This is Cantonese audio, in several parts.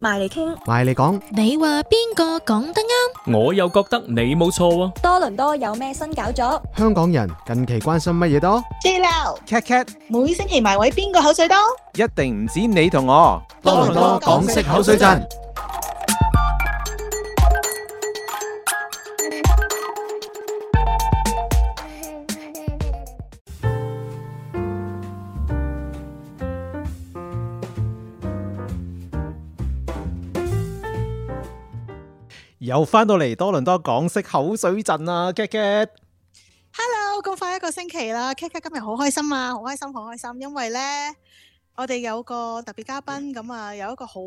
埋嚟傾，埋嚟講，你話邊個講得啱？我又覺得你冇錯。多倫多有咩新搞作？香港人近期關心乜嘢多？JLau、Kat Kat，每星期埋位邊個口水多？一定唔止你同我。多倫多港式口水陣。又翻到嚟多倫多港式口水陣啊 Kat Kat，Hello，咁快一個星期啦，Kat Kat 今日好開心啊，好開心，好開心，因為呢，我哋有個特別嘉賓，咁啊有一個好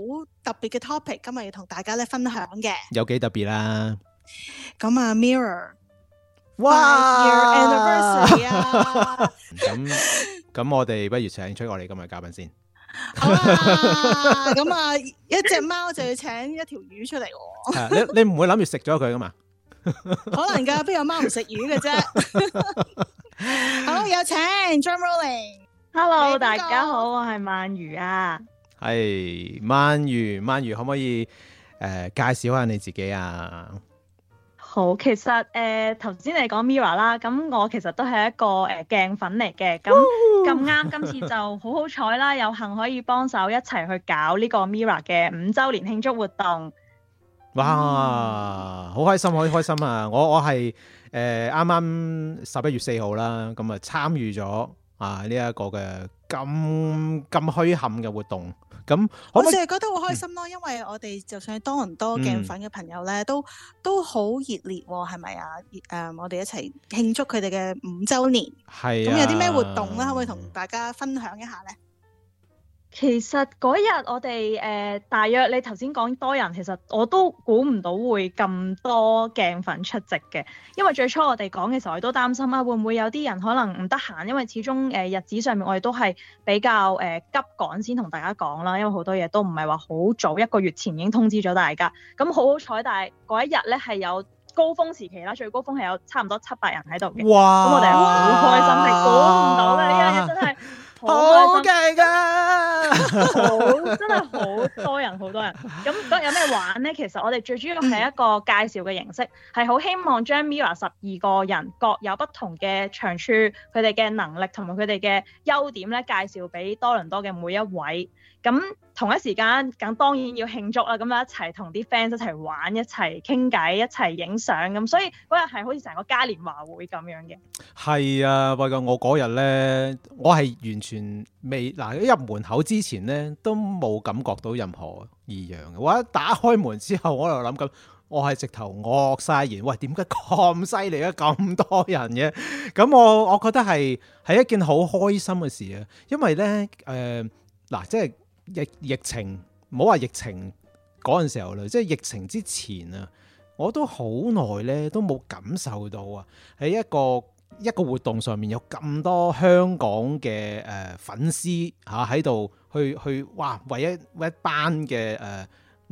特別嘅、嗯、topic，今日要同大家咧分享嘅，有幾特別啦、啊，咁啊 Mirror，哇，your anniversary 啊，咁咁我哋不如請出我哋今日嘉賓先。好啦，咁啊，嗯、一隻貓就要請一條魚出嚟。 你你唔會諗住食咗佢噶嘛？ 可能噶，邊有貓唔食魚嘅啫。 好，有請，Drum Rolling。 Hello，大家好，我係鰻魚啊。係鰻魚，鰻、hey, 魚，鰻魚可唔可以誒、呃、介紹下你自己啊？好，其實誒頭先你講 Mirror 啦，咁我其實都係一個誒、呃、鏡粉嚟嘅，咁咁啱今次就好好彩啦，有幸可以幫手一齊去搞呢個 Mirror 嘅五週年慶祝活動。哇！嗯、好開心，好開心啊！我我係誒啱啱十一月四號啦，咁啊參與咗啊呢一、呢個嘅。咁咁虛冚嘅活動，咁我成日覺得好開心咯，嗯、因為我哋就算多倫多鏡粉嘅朋友咧，嗯、都都好熱烈，係咪、嗯、啊？誒，我哋一齊慶祝佢哋嘅五週年，係咁有啲咩活動咧？可唔可以同大家分享一下咧？其實嗰日我哋誒、呃、大約，你頭先講多人，其實我都估唔到會咁多鏡粉出席嘅，因為最初我哋講嘅時候，我都擔心啦、啊，會唔會有啲人可能唔得閒，因為始終誒、呃、日子上面我哋都係比較誒、呃、急趕先同大家講啦，因為好多嘢都唔係話好早，一個月前已經通知咗大家。咁好好彩，但係嗰一日咧係有高峰時期啦，最高峰係有差唔多七百人喺度嘅。哇！咁我哋好開心，係估唔到嘅、啊，依家真係～ 好勁㗎、啊， 好真係好多人，好多人。咁嗰有咩玩咧？其實我哋最主要係一個介紹嘅形式，係好、嗯、希望將 MIRROR 十二個人各有不同嘅長處，佢哋嘅能力同埋佢哋嘅優點咧，介紹俾多倫多嘅每一位。咁同一時間，咁當然要慶祝啦！咁一齊同啲 fans 一齊玩，一齊傾偈，一齊影相咁，所以嗰日係好似成個嘉年華會咁樣嘅。係啊，喂！不過我嗰日咧，我係完全未嗱，一入門口之前咧，都冇感覺到任何異樣嘅。我一打開門之後，我就諗緊，我係直頭惡晒言，喂！點解咁犀利啊？咁多人嘅？咁我我覺得係係一件好開心嘅事啊！因為咧，誒、呃、嗱，即係。疫疫情冇話疫情嗰陣時候啦，即係疫情之前啊，我都好耐咧都冇感受到啊，喺一個一個活動上面有咁多香港嘅誒粉絲嚇喺度去去哇，為一為一班嘅誒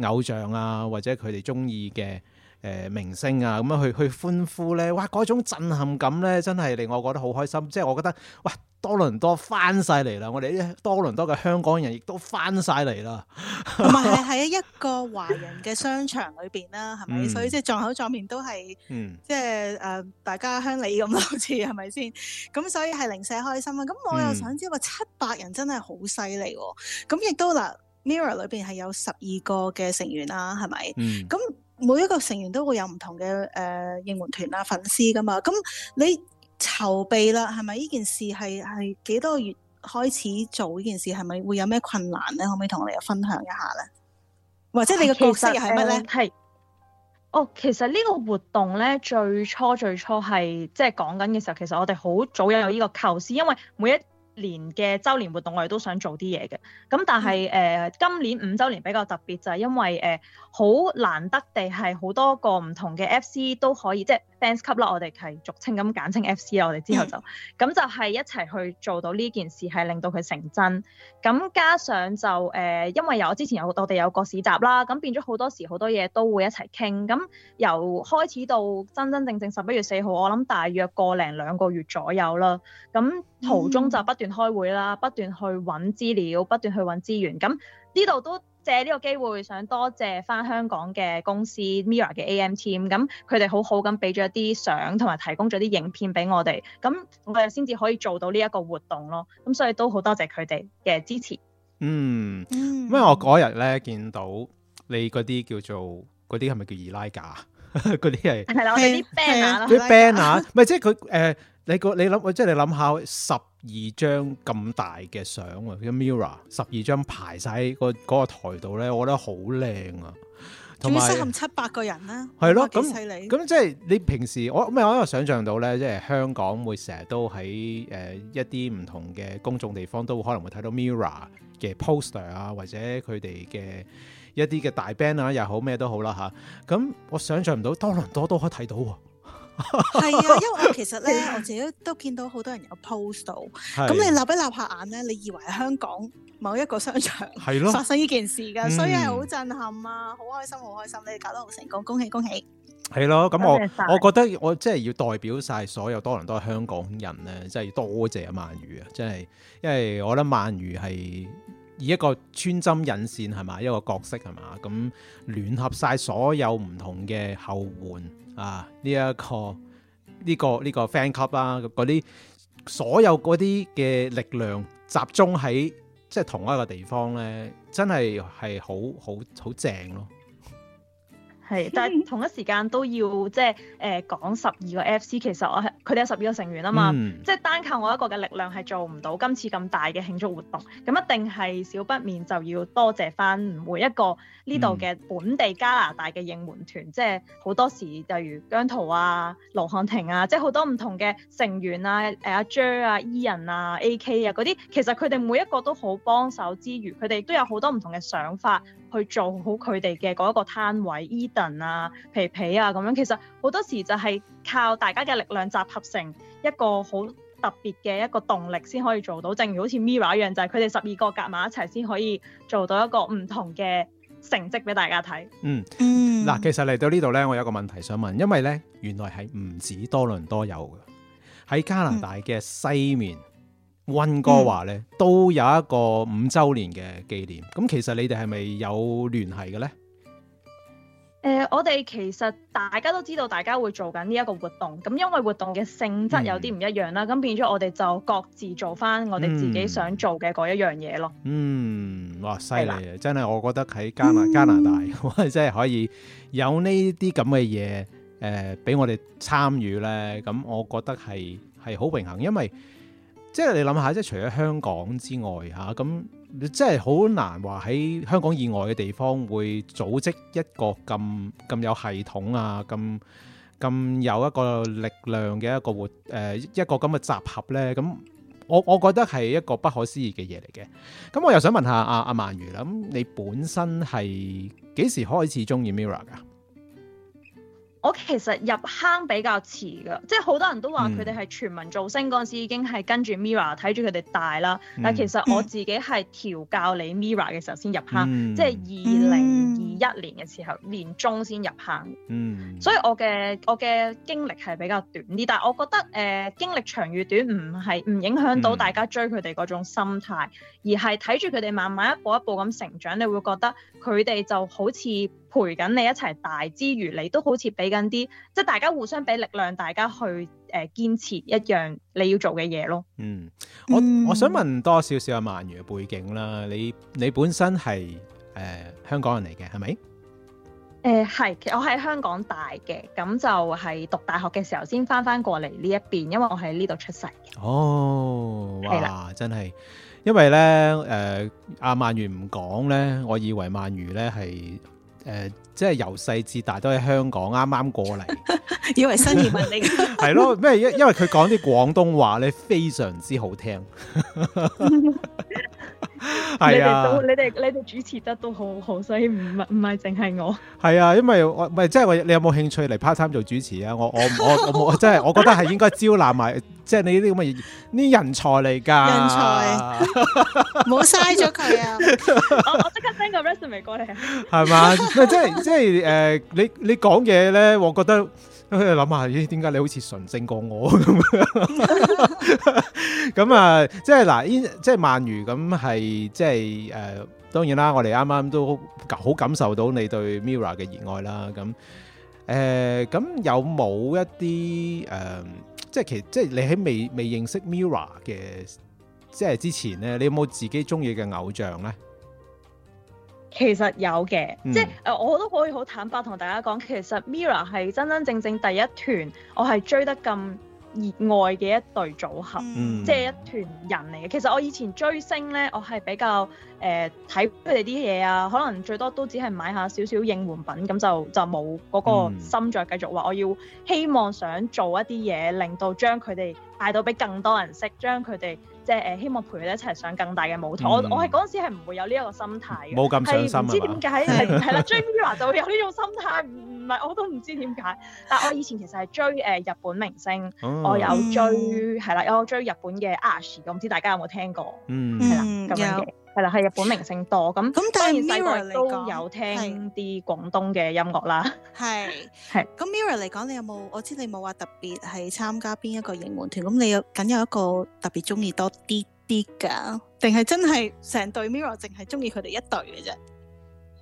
偶像啊，或者佢哋中意嘅。誒、呃、明星啊，咁樣去去歡呼咧，哇！嗰種震撼感咧，真係令我覺得好開心。即係我覺得，哇！多倫多翻晒嚟啦，我哋啲多倫多嘅香港人亦都翻晒嚟啦。唔係喺一個華人嘅商場裏邊啦，係咪？嗯、所以即係撞口撞面都係，嗯、即係誒、呃、大家鄉里咁多次，係咪先？咁所以係零舍開心啦。咁我又想知話，七百人真係好犀利喎！咁亦都嗱，Mirror 裏邊係有十二個嘅成員啦，係咪、嗯？咁、嗯嗯嗯嗯嗯每一個成員都會有唔同嘅誒、呃、應援團啊、粉絲噶嘛，咁你籌備啦，係咪呢件事係係幾多月開始做呢件事？係咪會有咩困難咧？可唔可以同我哋分享一下咧？或者你嘅角色又係乜咧？哦，其實呢個活動咧，最初最初係即係講緊嘅時候，其實我哋好早有有呢個構思，因為每一年嘅周年活動，我哋都想做啲嘢嘅。咁但係誒、嗯呃，今年五周年比較特別就係因為誒，好、呃、難得地係好多個唔同嘅 FC 都可以，即係 fans club 啦，我哋係俗稱咁簡稱 FC 啦。我哋之後就咁、嗯、就係一齊去做到呢件事，係令到佢成真。咁加上就誒、呃，因為由我之前有我哋有個市集啦，咁變咗好多時好多嘢都會一齊傾，咁由開始到真真正正十一月四號我諗大約個零兩個月左右啦。咁途中就不斷、嗯。開會啦，不斷去揾資料，不斷去揾資源。咁呢度都借呢個機會，想多謝翻香港嘅公司 Mirror 嘅 AM team。咁佢哋好好咁俾咗一啲相，同埋提供咗啲影片俾我哋。咁我哋先至可以做到呢一個活動咯。咁所以都好多謝佢哋嘅支持。Mm, 嗯，因為我嗰日咧見到你嗰啲叫做嗰啲係咪叫易拉架？嗰啲係係喇，我哋啲 banner，啲 banner，唔係即係佢誒。你個你諗，即係你諗下十二張咁大嘅相啊，mirror 十二張排晒喺嗰個台度咧，我覺得好靚啊，同埋會適合七八個人啦，係咯，咁犀利，咁即係你平時我咪我都有想象到咧，即係香港會成日都喺誒、呃、一啲唔同嘅公眾地方都可能會睇到 mirror 嘅 poster 啊，或者佢哋嘅一啲嘅大 band 啊又好咩都好啦吓，咁、啊、我想象唔到多倫多都可以睇到喎、啊。係 啊，因為我其實咧， 我自己都見到好多人有 post 到，咁、啊、你立一立下眼咧，你以為香港某一個商場發生呢件事噶，啊、所以係好震撼啊，好、嗯、開心，好開心，你哋搞得好成功，恭喜恭喜！係咯、啊，咁我謝謝我覺得我即係要代表晒所有多倫多香港人咧，即係多謝阿鰻魚啊，即係，因為我覺得鰻魚係以一個穿針引線，係嘛，一個角色係嘛，咁聯合晒所有唔同嘅後援啊，呢一個呢個呢個 fan club 啦，嗰啲所有嗰啲嘅力量集中喺即係同一個地方咧，真係係好好好正咯～係，但係同一時間都要即係誒講十二個 F C，其實我係佢哋有十二個成員啊嘛，嗯、即係單靠我一個嘅力量係做唔到今次咁大嘅慶祝活動，咁一定係少不免就要多謝翻每一個呢度嘅本地加拿大嘅應援團，嗯、即係好多時例如姜濤啊、盧瀚霆啊，即係好多唔同嘅成員啊、誒、啊、阿 Jer、啊、伊人啊、A K 啊嗰啲，其實佢哋每一個都好幫手之餘，佢哋都有好多唔同嘅想法。去做好佢哋嘅嗰一個攤位，Eden 啊、皮皮啊咁樣，其實好多時就係靠大家嘅力量集合成一個好特別嘅一個動力先可以做到。正如好似 MIRROR 一樣就係佢哋十二個夾埋一齊先可以做到一個唔同嘅成績俾大家睇。嗯，嗱，其實嚟到呢度咧，我有個問題想問，因為咧原來係唔止多倫多有嘅，喺加拿大嘅西面。嗯溫哥華咧都有一個五週年嘅紀念，咁其實你哋係咪有聯繫嘅咧？誒，我哋其實大家都知道，大家會做緊呢一個活動，咁因為活動嘅性質有啲唔一樣啦，咁變咗我哋就各自做返我哋自己想做嘅嗰一樣嘢咯。嗯，哇，犀利啊！真係我覺得喺加拿加拿大，我係真係可以有呢啲咁嘅嘢誒，俾我哋參與咧。咁我覺得係係好榮幸，因為。即係你諗下，即係除咗香港之外，嚇、嗯、咁，即係好難話喺香港以外嘅地方會組織一個咁咁有系統啊，咁咁有一個力量嘅一個活誒、呃、一個咁嘅集合咧。咁、嗯、我我覺得係一個不可思議嘅嘢嚟嘅。咁、嗯、我又想問下阿阿鰻魚啦，咁、啊嗯、你本身係幾時開始中意 MIRROR 噶？我其實入坑比較遲噶，即係好多人都話佢哋係全民造星嗰陣時已經係跟住 MIRROR 睇住佢哋大啦。嗯、但係其實我自己係調教你 MIRROR 嘅時候先入坑，嗯、即係二零二一年嘅時候、嗯、年中先入坑。嗯，所以我嘅我嘅經歷係比較短啲，但係我覺得誒、呃、經歷長與短唔係唔影響到大家追佢哋嗰種心態，嗯、而係睇住佢哋慢慢一步一步咁成長，你會覺得佢哋就好似，陪緊你一齊大之餘，你都好似俾緊啲，即係大家互相俾力量，大家去誒、呃、堅持一樣你要做嘅嘢咯。嗯，我我想問多少少阿鰻魚嘅背景啦。你你本身係誒、呃、香港人嚟嘅係咪？誒係、呃，我喺香港大嘅，咁就係讀大學嘅時候先翻翻過嚟呢一邊，因為我喺呢度出世嘅。哦，係啦，的真係因為咧誒，阿鰻魚唔講咧，我以為鰻魚咧係。誒、呃，即係由細至大都喺香港，啱啱過嚟， 以為新移民嚟。係咯，咩？因因為佢講啲廣東話咧，非常之好聽。 係啊，你哋你哋主持得都好好，所以唔唔係淨係我。係啊，因為我唔係，即係我你有冇興趣嚟 part time 做主持啊？我我我我冇，即係我覺得係應該招攬埋，即係呢啲咁嘅呢人才嚟噶。人才，冇嘥咗佢啊！我我即刻 send 個 resume 嚟過嚟啊！係嘛，即係即係誒，你你講嘢咧，我覺得。咁諗下，咦？點解你好似純正過我咁？咁 啊，即係嗱，即係鰻魚咁係，即係誒，當然啦，我哋啱啱都好感受到你對 MIRROR 嘅熱愛啦。咁誒，咁、呃、有冇一啲誒、呃，即係其實即係你喺未未認識 MIRROR 嘅即係之前咧，你有冇自己中意嘅偶像咧？其實有嘅，嗯、即係誒，我都可以好坦白同大家講，其實 Mirror 係真真正正第一團我係追得咁熱愛嘅一隊組合，嗯、即係一團人嚟嘅。其實我以前追星呢，我係比較誒睇佢哋啲嘢啊，可能最多都只係買下少少應援品，咁就就冇嗰個心再繼續話我要希望想做一啲嘢，令到將佢哋帶到俾更多人識，將佢哋。即係誒，希望陪佢哋一齊上更大嘅舞台。嗯、我我係嗰陣時係唔會有呢一個心態嘅，係唔知點解係係啦。追 Mirror 就會有呢種心態，唔係我都唔知點解。但係我以前其實係追誒、呃、日本明星，哦、我有追係啦，我、嗯、追日本嘅 Arashi 嘅，唔知大家有冇聽過？嗯，係啦咁樣嘅。係啦，係日本明星多咁。咁但係 MIRROR 說都有聽啲廣東嘅音樂啦。係係。咁 MIRROR 嚟講，你有冇？我知你冇話特別係參加邊一個應援團。咁你有梗有一個特別中意多啲啲噶？定係真係成隊 MIRROR 淨係中意佢哋一隊嘅啫？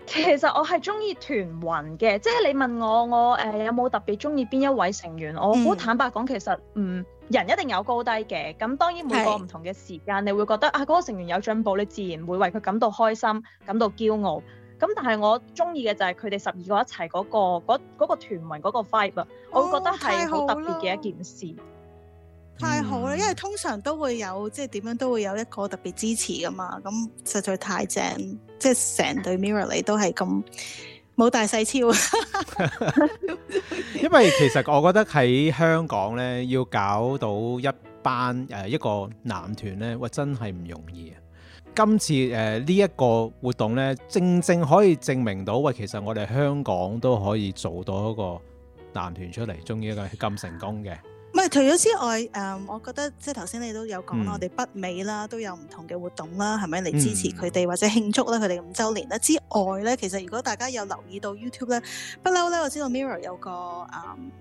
其實我係中意團魂嘅，即係你問我我誒、呃、有冇特別中意邊一位成員？我好坦白講，其實唔。嗯人一定有高低嘅，咁當然每個唔同嘅時間，是你會覺得啊，嗰、那個成員有進步，你自然會為佢感到開心，感到驕傲。咁但係我中意嘅就係佢哋十二個一齊嗰、那個嗰嗰、那個團文嗰、那個 vibe 啊、哦，我會覺得係好特別嘅一件事。太好啦，因為通常都會有即係點樣都會有一個特別支持㗎嘛。咁實在太正，即係成隊 Mirror 嚟都係咁。冇大細超 因為其實我覺得喺香港呢，要搞到一班誒、呃、一個男團呢，喂、呃、真係唔容易啊！今次誒呢一個活動呢，正正可以證明到喂、呃，其實我哋香港都可以做到一個男團出嚟，終於一個咁成功嘅。唔係，除咗之外，誒、嗯，我覺得即係頭先你都有講啦，嗯、我哋北美啦都有唔同嘅活動啦，係咪嚟支持佢哋、嗯、或者慶祝啦佢哋五週年咧？之外咧，其實如果大家有留意到 YouTube 咧，不嬲咧，我知道 Mirror 有個誒、嗯、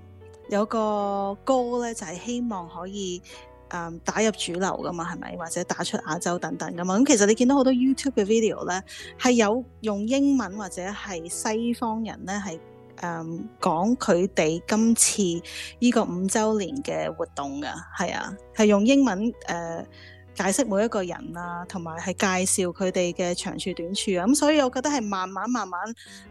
有個歌咧，就係、是、希望可以誒、嗯、打入主流㗎嘛，係咪？或者打出亞洲等等㗎嘛？咁其實你見到好多 YouTube 嘅 video 咧，係有用英文或者係西方人咧係。誒講佢哋今次呢個五週年嘅活動㗎係啊，係用英文誒、呃、解釋每一個人啊，同埋係介紹佢哋嘅長處短處啊。咁、嗯、所以我覺得係慢慢慢慢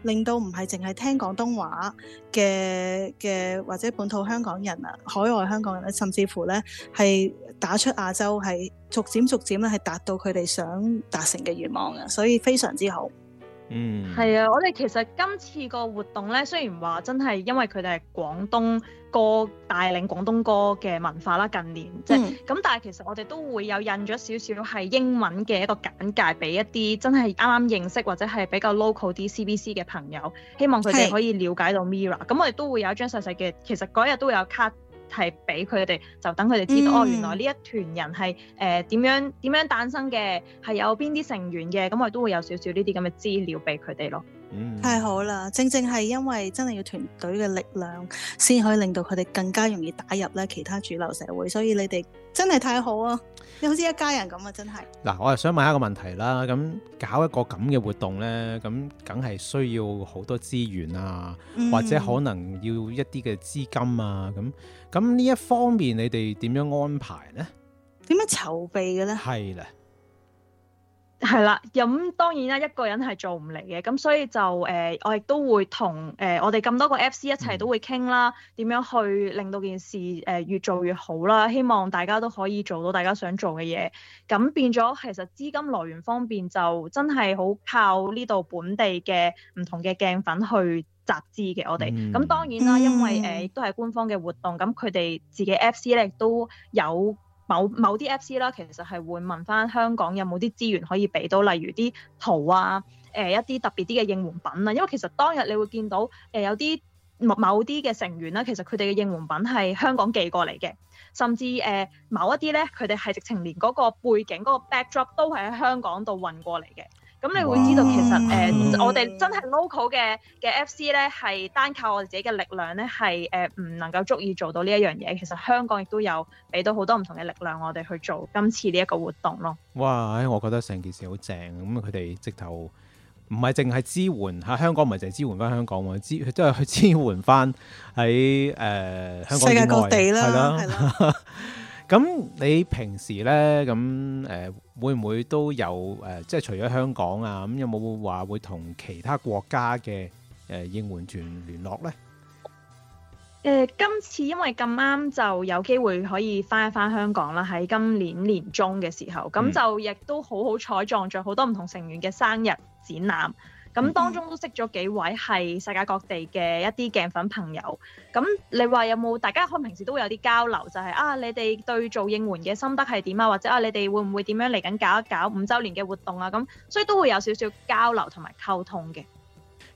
令到唔係淨係聽廣東話嘅嘅或者本土香港人啊，海外香港人咧、啊，甚至乎咧係打出亞洲，係逐漸逐漸咧係達到佢哋想達成嘅願望啊，所以非常之好。嗯，係啊，我哋其實今次個活動咧，雖然話真係因為佢哋係廣東歌帶領廣東歌嘅文化啦，近年即係咁，就是嗯、但係其實我哋都會有印咗少少係英文嘅一個簡介俾一啲真係啱啱認識或者係比較 local 啲 CBC 嘅朋友，希望佢哋可以了解到 MIRROR。咁是我哋都會有一張細細嘅，其實嗰日都會有卡。係俾佢哋，就等佢哋知道、嗯、哦。原來呢一團人係誒點樣點樣誕生嘅，係有邊啲成員嘅，咁我都會有少少呢啲咁嘅資料俾佢哋咯。嗯、太好啦！正正係因為真係要團隊嘅力量，先可以令到佢哋更加容易打入咧其他主流社會。所以你哋真係太好啊！你好似一家人咁啊！真係。嗱、啊，我又想問一個問題啦。咁搞一個咁嘅活動咧，咁梗係需要好多資源啊，嗯、或者可能要一啲嘅資金啊。咁咁呢一方面，你哋點樣安排咧？點樣籌備嘅咧？係啦。係啦，咁當然啦，一個人係做唔嚟嘅，咁所以就誒、呃，我亦都會同誒、呃、我哋咁多個 FC 一齊都會傾啦，點、嗯、樣去令到件事誒越做越好啦，希望大家都可以做到大家想做嘅嘢，咁變咗其實資金來源方面就真係好靠呢度本地嘅唔同嘅鏡粉去集資嘅，我哋、嗯，咁當然啦，因為誒都係官方嘅活動，咁佢哋自己 FC 咧亦都有。某某啲 FC 啦，其實係會問翻香港有冇啲資源可以俾到，例如啲圖啊，誒、呃、一啲特別啲嘅應援品啊，因為其實當日你會見到誒、呃、有啲某某啲嘅成員啦，其實佢哋嘅應援品係香港寄過嚟嘅，甚至誒、呃、某一啲咧，佢哋係直情連嗰個背景嗰、嗰個 backdrop 都係喺香港度運過嚟嘅。咁你會知道其實誒，哇呃、我哋真係 local 嘅嘅 FC 咧，係單靠我哋自己嘅力量咧，係誒唔能夠足以做到呢一樣嘢。其實香港亦都有俾到好多唔同嘅力量，我哋去做今次呢一個活動咯。哇！我覺得成件事好正咁，佢哋直頭唔係淨係支援吓、啊，香港唔係淨係支援翻香港喎，支即係去支援翻喺誒香港世界各地啦。係咯啦，係咯啦。咁 你平時咧咁誒？會唔會都有誒、呃？即係除咗香港啊，咁、嗯、有冇話會同其他國家嘅誒、呃、應援團聯絡呢？呃、今次因為咁啱就有機會可以翻一翻香港啦，喺今年年中嘅時候，咁就亦都好好彩撞着好多唔同成員嘅生日展覽。嗯。咁當中都識咗幾位係世界各地嘅一啲鏡粉朋友，咁你話有冇大家可能平時都會有啲交流？就係啊，你哋對做應援嘅心得係點啊？或者啊，你哋會唔會點樣嚟緊搞一搞五週年嘅活動啊？咁所以都會有少少交流同埋溝通嘅。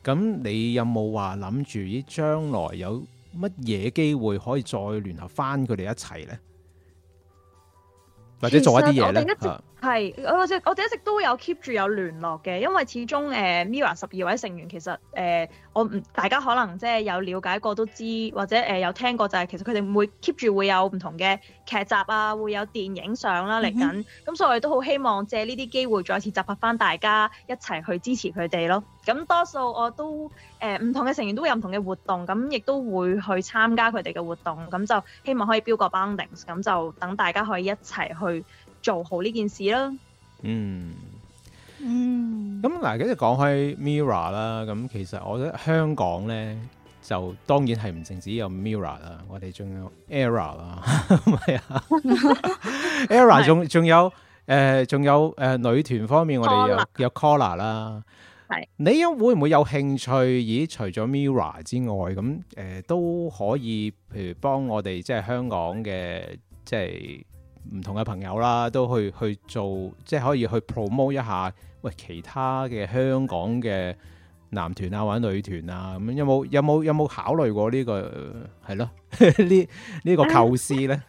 咁你有冇話諗住依將來有乜嘢機會可以再聯合返佢哋一齊呢，或者做一啲嘢呢？係，或者我哋一直都有 keep 住有聯絡嘅，因為始終誒 MIRROR 十二位成員其實誒、呃，我唔大家可能即係有了解過都知，或者誒、呃、有聽過就係其實佢哋會 keep 住會有唔同嘅劇集啊，會有電影相啦嚟緊，咁、嗯、哼所以我哋都好希望借呢啲機會再次集合返大家一齊去支持佢哋咯。咁多數我都誒唔、呃、同嘅成員都會有唔同嘅活動，咁亦都會去參加佢哋嘅活動，咁就希望可以標個 boundings，咁就等大家可以一齊去。做好呢件事啦。嗯嗯。咁嗱、嗯，跟住講開 MIRROR 啦。咁其實我覺得香港咧，就當然係唔淨止有 MIRROR 啦，我哋仲有、e、Era 啦，係啊是。Era 仲仲有誒，仲、呃、有誒、呃、女團方面，我哋有有 Collar 啦。係拉。是你有會唔會有興趣？咦，除咗 MIRROR 之外，咁、呃、誒、呃、都可以，譬如幫我哋即係香港嘅，即係。即唔同嘅朋友啦，都去去做，即係可以去 promote 一下，喂，其他嘅香港嘅男團啊，或者女團啊，咁、嗯、有冇有冇有冇考慮過呢、這個係咯？呢、呃、呢、 這個構思咧，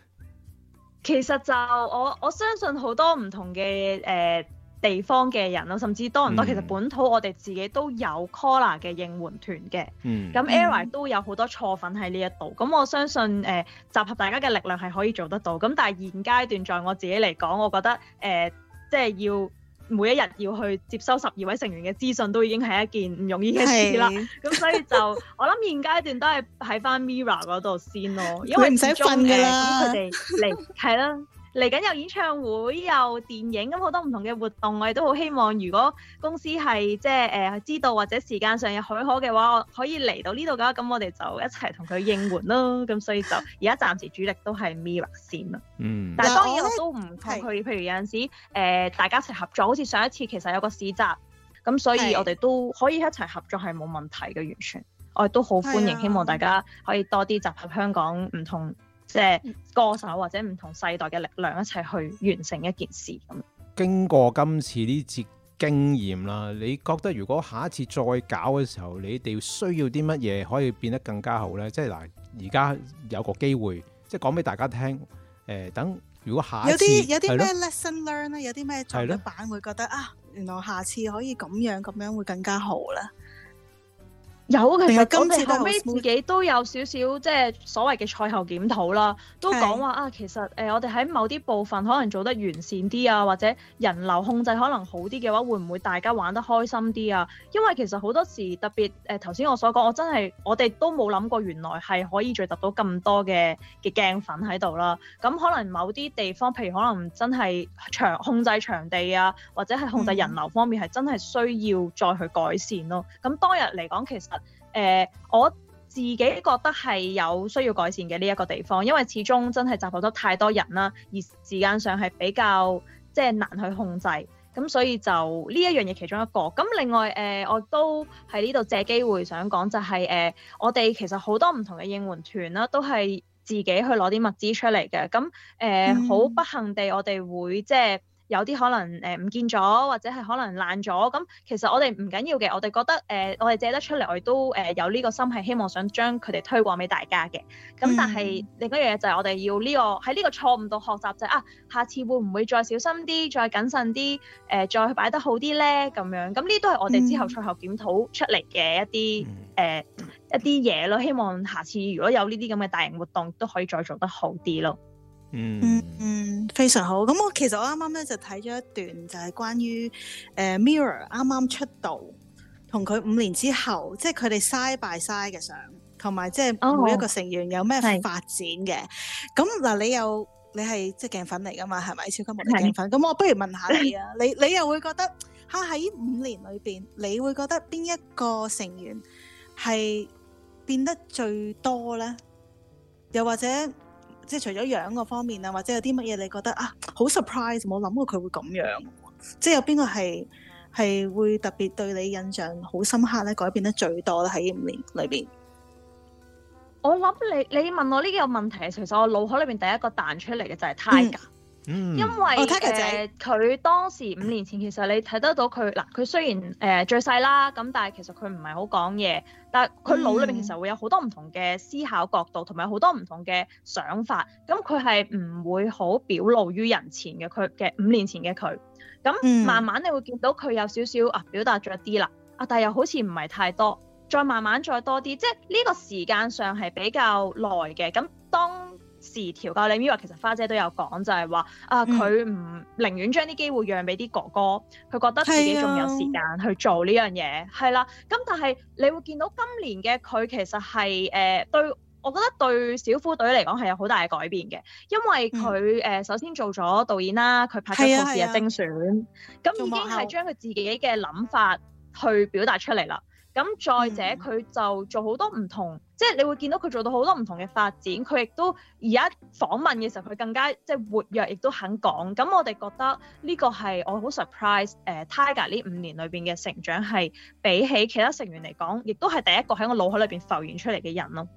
其實就我我相信好多唔同嘅誒。呃地方嘅人咯，甚至多唔多？嗯、其實本土我哋自己都有 Collar 嘅應援團嘅，咁、嗯、Error 都有好多錯粉喺呢一度。咁我相信誒、呃、集合大家嘅力量係可以做得到。咁但係現階段在我自己嚟講，我覺得誒、呃、即係要每一日要去接收十二位成員嘅資訊，都已經係一件唔容易嘅事啦。咁是所以就 我諗現階段都係喺返 MIRROR 嗰度先咯，因為唔使瞓㗎啦，咁佢哋嚟係啦。嚟緊有演唱會，有電影，咁好多唔同嘅活動，我哋都好希望，如果公司係即係誒知道或者時間上有許可嘅話，我可以嚟到呢度嘅話，咁我哋就一齊同佢應援咯。咁 所以就而家暫時主力都係 Mirror 先啦。嗯，但係當然我都唔抗拒，嗯、譬如有陣時誒、呃、大家一齊合作，好似是上一次其實有個市集，咁所以我哋都可以一齊合作係冇問題嘅完全。我哋都好歡迎，啊、希望大家可以多啲集合香港唔同。即係歌手或者唔同世代嘅力量一齊去完成一件事咁。經過今次呢次經驗啦，你覺得如果下一次再搞嘅時候，你哋需要啲乜嘢可以變得更加好咧？即係嗱，而家有個機會，即係講俾大家聽。誒，等如果下一次有啲有啲咩 lesson learn 咧，有啲咩出版會覺得的啊，原來下次可以咁樣，咁樣會更加好啦。有其實我哋後尾自己都有少少即係所謂嘅賽後檢討啦，都講話是啊，其實誒、呃、我哋喺某啲部分可能做得完善啲啊，或者人流控制可能好啲嘅話，會唔會大家玩得開心啲啊？因為其實好多時特別誒頭先我所講，我真係我哋都冇諗過原來係可以聚集到咁多嘅嘅鏡粉喺度啦。咁可能某啲地方，譬如可能真係場控制場地啊，或者係控制人流方面係、嗯、真係需要再去改善咯。咁當日嚟講其實。誒、呃，我自己覺得係有需要改善嘅呢一個地方，因為始終真係集合咗太多人啦，而時間上係比較即係難去控制，咁所以就呢一樣嘢其中一個。咁另外誒、呃，我都喺呢度借機會想講就係、是、誒、呃，我哋其實好多唔同嘅應援團啦，都係自己去攞啲物資出嚟嘅。咁誒，好、呃嗯、不幸地我，我哋會即係。有啲可能誒唔、呃、見咗，或者係可能爛咗，咁其實我哋唔緊要嘅，我哋覺得誒、呃、我哋借得出嚟我哋都誒有呢個心係希望想將佢哋推廣俾大家嘅。咁但係、嗯、另一樣嘢就係我哋要呢、呢個喺呢個錯誤度學習就係、係、啊，下次會唔會再小心啲，再謹慎啲，誒、呃、再去擺得好啲咧咁樣。咁呢都係我哋之後最後檢討出嚟嘅一啲誒、嗯嗯呃、一啲嘢咯。希望下次如果有呢啲咁嘅大型活動，都可以再做得好啲咯。嗯嗯非常好。咁我其實我啱啱咧就睇咗一段就，就係關於誒 Mirror 啱啱出道，同佢五年之後，即係佢哋 side by side 嘅相，同埋即係每一個成員有咩發展嘅。咁嗱，你又，你係即係鏡粉嚟噶嘛？係咪超級無敵鏡粉？咁 Okay. 我不如問下你啊， 你你又會覺得吓喺五年裏邊，你會覺得邊一個成員係變得最多咧？又或者？即係除咗樣個方面啊，或者有啲乜嘢你覺得啊，好 surprise 冇諗過佢會咁樣，即係有邊個係係會特別對你印象好深刻咧？改變得最多咧喺五年裏邊？我諗你你問我呢個問題，其實我腦海裏邊第一個彈出嚟嘅就係 Tiger。嗯嗯、因為其實佢，哦、當時五年前其實你睇得到佢，嗱，佢雖然誒、呃、最細啦，咁但係其實佢唔係好講嘢，但係佢腦裏面其實會有好多唔同嘅思考角度，同埋好多唔同嘅想法。咁佢係唔會好表露於人前嘅，佢嘅五年前嘅佢。咁慢慢你會見到佢有少少啊表達咗啲啦，啊、嗯、但係又好似唔係太多。再慢慢再多啲，即係呢個時間上係比較耐嘅。咁當時調，教你咪話其實花姐都有講，就係話啊，佢唔、嗯、寧願將啲機會讓俾啲哥哥，佢覺得自己仲有時間去做呢樣嘢，係、啊、啦。咁但係你會見到今年嘅佢其實係誒、呃、對，我覺得對小虎隊嚟講係有好大嘅改變嘅，因為佢誒、嗯呃、首先做咗導演啦，佢拍咗《故事》嘅精選，咁、啊啊、已經係將佢自己嘅諗法去表達出嚟啦。咁再者，佢就做好多唔同，嗯、即係你會見到佢做到好多唔同嘅發展。佢亦都而家訪問嘅時候，佢更加即係活躍，亦都肯講。咁我哋覺得呢個係我好 surprise。誒、呃、Tiger 呢五年裏邊嘅成長係比起其他成員嚟講，亦都係第一個喺我腦海裏邊浮現出嚟嘅人咯。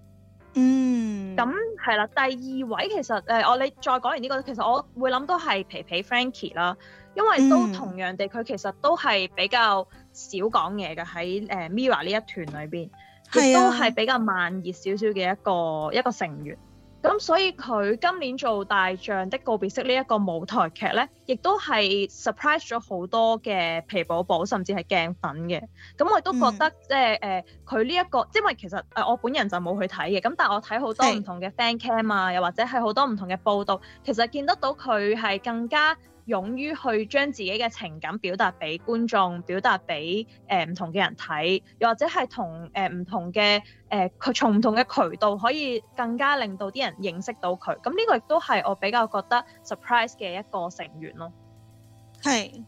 嗯，咁係啦。第二位其實誒我哋再講完呢、呢個，其實我會諗到係皮皮 Frankie 啦。因為都同樣地，佢、嗯、其實都係比較少講嘢嘅喺誒 Mira 呢一團裏邊，亦都係比較慢熱少少嘅一個一個成員。咁所以佢今年做《大象的告別式》呢、這、一個舞台劇呢，亦都係 surprise 咗好多嘅皮寶寶，甚至係鏡粉嘅。咁我亦都覺得、嗯、即係誒佢呢一個，因為其實誒我本人就冇去睇嘅。咁但係我睇好多唔同嘅 fan cam 啊，是又或者係好多唔同嘅報導，其實見得到佢係更加。勇於去將自己嘅情感表達俾觀眾，表達俾誒唔同嘅人睇，又或者係同誒唔、呃、同嘅誒，從、呃、唔同嘅渠道可以更加令到啲人認識到佢。咁、嗯、呢、這個亦都係我比較覺得 surprise 嘅一個成員咯。係是。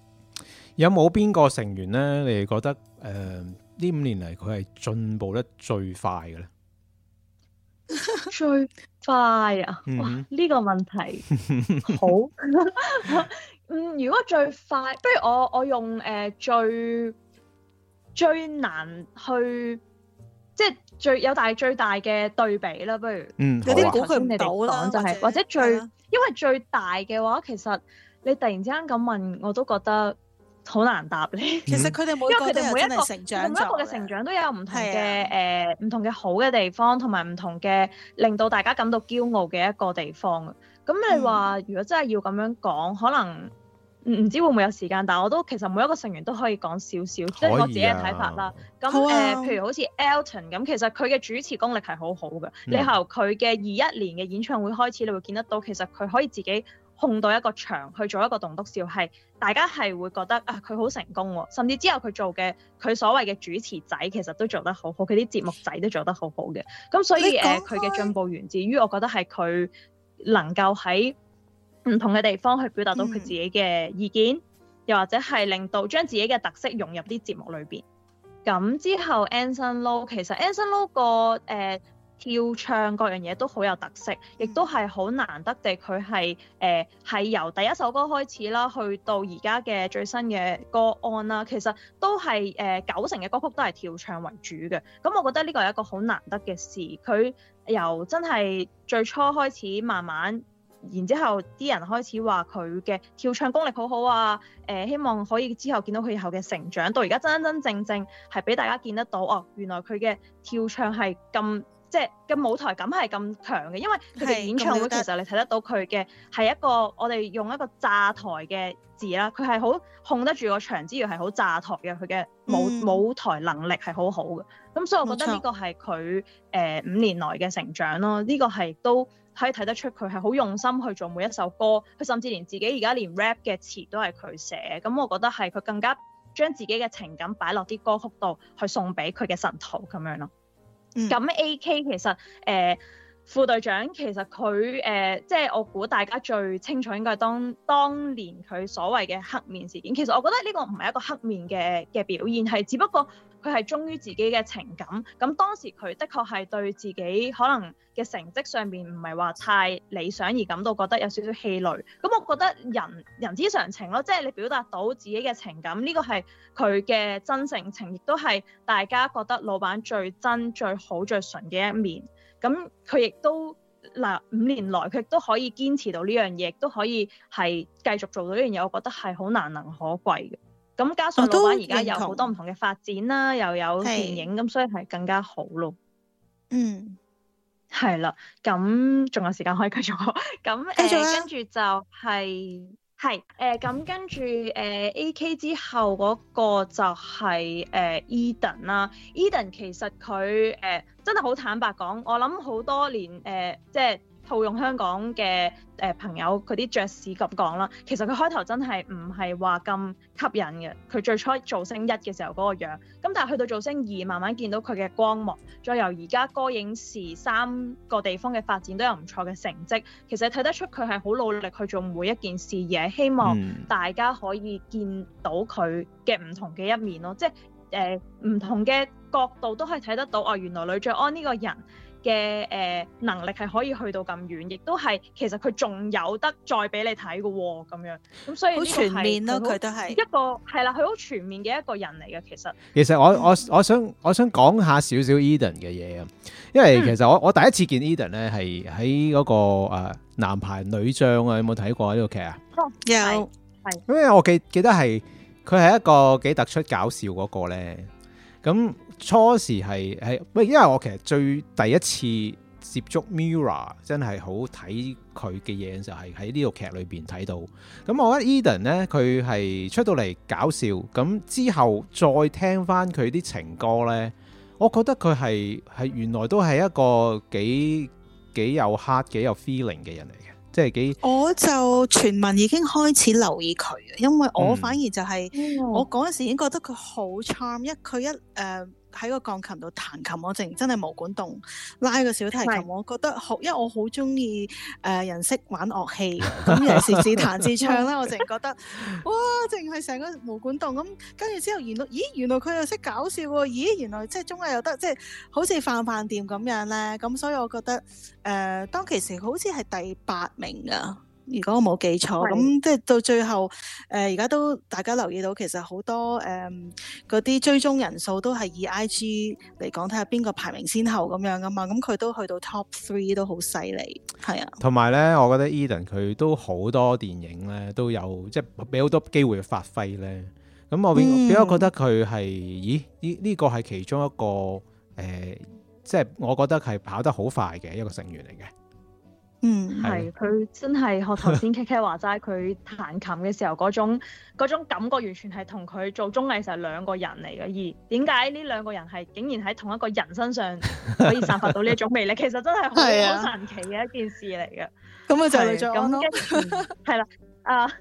有冇邊個成員呢？你哋覺得誒呢、呃、五年嚟佢係進步得最快嘅咧？ 最快啊！哇，呢、嗯、個問題 好， 嗯，如果最快，不如我我用誒、呃、最最，最難去，即係最有大最大嘅對比啦，不如，嗯，有啲估佢唔到啦，就係、是嗯啊、或者最，因為最大嘅話，其實你突然之間咁問我，我都覺得。好難答你。其實佢哋每，因為佢哋每一個成長，每一個嘅成長都有唔同嘅、誒唔同嘅好嘅地方，同埋唔同嘅令到大家感到驕傲嘅一個地方。咁你話、嗯、如果真係要咁樣講，可能唔唔知會唔會有時間？但係我都其實每一個成員都可以講少少，即係、啊、我自己嘅睇法啦。咁誒、呃，譬如好似 Alton 咁，其實佢嘅主持功力係好好嘅。嗯、你由佢嘅二一年嘅演唱會開始，你會見得到其實佢可以自己。控到一個場去做一個棟篤笑係，係大家係會覺得啊佢好成功喎，哦，甚至之後佢做嘅佢所謂嘅主持仔其實都做得好好，佢啲節目仔都做得好好嘅。咁所以誒佢嘅進步源自於我覺得係佢能夠喺唔同嘅地方去表達到佢自己嘅意見，嗯，又或者係令到將自己嘅特色融入啲節目裏邊。咁之後 Anson Lo 其實 Anson Lo 個誒。呃跳唱各樣嘢都好有特色，亦都係好難得地佢係誒係由第一首歌開始啦，去到而家嘅最新嘅歌案啦，其實都係誒、呃、九成嘅歌曲都係跳唱為主嘅。咁我覺得呢個係一個好難得嘅事。佢由真係最初開始慢慢，然之後啲人開始話佢嘅跳唱功力好好啊，誒、呃、希望可以之後見到佢以後嘅成長，到而家真真正正係俾大家見得到哦，原來佢嘅跳唱係咁。即係嘅舞台感係咁強嘅，因為佢哋演唱會其實你睇得到佢嘅係一個我哋用一個炸台嘅字啦，佢係好控得住個場之餘係好炸台嘅，佢嘅舞、嗯、舞台能力係好好嘅。咁所以我覺得呢個係佢誒五年來嘅成長咯，呢、呢個係都可以睇得出佢係好用心去做每一首歌，佢甚至連自己而家連 rap 嘅詞都係佢寫，咁我覺得係佢更加將自己嘅情感擺落啲歌曲度去送俾佢嘅神徒咁樣咯。咁、嗯、A.K. 其實，誒、呃、副隊長其實佢誒，即、呃、係、就是、我估大家最清楚應該係當當年佢所謂嘅黑面事件。其實我覺得呢個唔係一個黑面嘅嘅表現，係只不過。佢係忠於自己嘅情感，咁當時佢的確係對自己可能嘅成績上面唔係話太理想而感到覺得有少少氣餒，咁我覺得人人之常情咯，即係你表達到自己嘅情感，呢個係佢嘅真性情，亦都係大家覺得老闆最真、最好、最純嘅一面。咁佢亦都嗱五年來，佢都可以堅持到呢樣嘢，都可以係繼續做到呢樣嘢，我覺得係好難能可貴嘅。咁加上嘅話，而家有好多唔同嘅發展啦，哦、又有電影咁，是所以係更加好咯。嗯，係啦。咁仲有時間可以繼續。咁 誒、呃是就是呃，跟住就係係誒咁，跟、呃、住誒 A. K. 之後嗰個就係、是、誒、呃、Eden 啦、啊。Eden 其實佢誒、呃、真係好坦白講，我諗好多年誒，即、呃、係。就是套用香港嘅誒、呃、朋友佢啲爵士咁講啦，其實佢開頭真係唔係話咁吸引嘅，佢最初做星一造星一嘅時候嗰個樣，咁但係去到造星二，慢慢見到佢嘅光芒，再由而家歌影視三個地方嘅發展都有唔錯嘅成績，其實睇得出佢係好努力去做每一件事，而係希望大家可以見到佢嘅唔同嘅一面咯，嗯、即係誒唔同嘅角度都係睇得到哦，原來呂爵安呢個人。嘅誒能力係可以去到咁遠，亦都係其實佢仲有得再俾你睇㗎喎，咁樣咁所以好全面咯，佢都係一個係啦，佢好全面嘅一個人嚟嘅。其實其實我我我想我想講下少少 Eden 嘅嘢啊，因為其實我我第一次見 Eden 咧係喺嗰個誒男排女將啊，有冇睇過呢個劇啊？有係因為我記記得係佢係一個幾突出搞笑嗰個咧咁。初時係係喂，因為我其實最第一次接觸 MIRROR 真係好睇佢嘅嘢就係喺呢個劇裏邊睇到。咁我覺得 Edan 呢，佢係出到嚟搞笑。咁之後再聽翻佢啲情歌呢，我覺得佢係係原來都係一個幾幾有 heart、幾有 feeling 嘅人嚟嘅，即係幾我就全民已經開始留意佢，因為我反而就係、是嗯、我嗰陣時已經覺得佢好 charm，一佢一誒。呃喺個鋼琴度彈琴，我淨真係毛管戙拉個小提琴，的我覺得好，因為我好中意誒人識玩樂器，咁人識自彈自唱啦， 我淨覺得哇，淨係成個毛管戙咁，跟、嗯、住之後原來咦原來佢又識搞笑喎，咦原來即係綜藝又得，即、就、係、是、好似飯飯店咁樣咧，咁所以我覺得誒、呃，當其時好似係第八名㗎。如果我冇記錯，咁即係到最後，誒而家都大家留意到，其實好多誒嗰啲追蹤人數都係以 IG 嚟講，睇下邊個排名先後咁樣噶嘛。咁佢都去到 Top Three 都好犀利，係啊。同埋咧，我覺得 Edan 佢都好多電影咧都有，即係俾好多機會發揮咧。咁我比比較覺得佢係，咦？呢呢個係其中一個誒，即係我覺得係跑得好快嘅一個成員嚟嘅。嗯，係佢的的真係學頭先 KK 話齋，佢彈琴嘅時候嗰種， 嗰種感覺，完全係同佢做綜藝時候兩個人嚟嘅。而點解呢兩個人係竟然喺同一個人身上可以散發到呢一種魅力？其實真係好神奇嘅一件事嚟嘅。咁佢就咁，係啦。 嗯 啊，誒、uh,